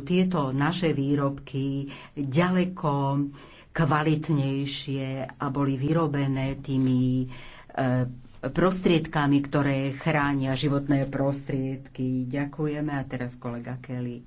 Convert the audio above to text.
tieto naše výrobky ďaleko kvalitnejšie a boli vyrobené tými e, prostriedkami, ktoré chránia životné prostriedky. Ďakujeme a teraz kolega Kelly.